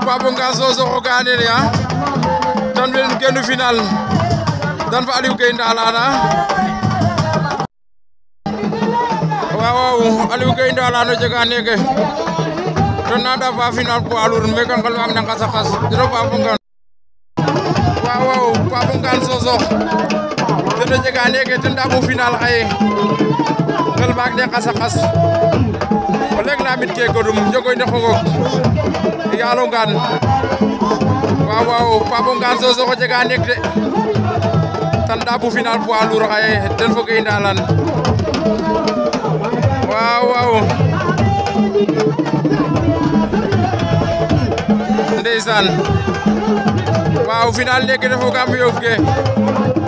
Papo Ngaso Sokh o ga'a nene tan final dan fa Aliou Gueye Ndalane Wow, waaw waaw Aliou Gueye Ndalane o jega neke ten na final poids lourd mekan nqel waag na nqas a qas teno Wow, Ngane waaw waaw Papo Ngane Sosokh ten o jega ten ɗaɓu final xaye ngel bak ne nqas a qas ke godum jogoy ne xogog diga Alongaan waaw waaw Pape Ongaan jega ndek de tanda bu final poids lourd xaye den fog i ndaalan waaw waaw ndeysaan waaw final neke refogaam yoof ke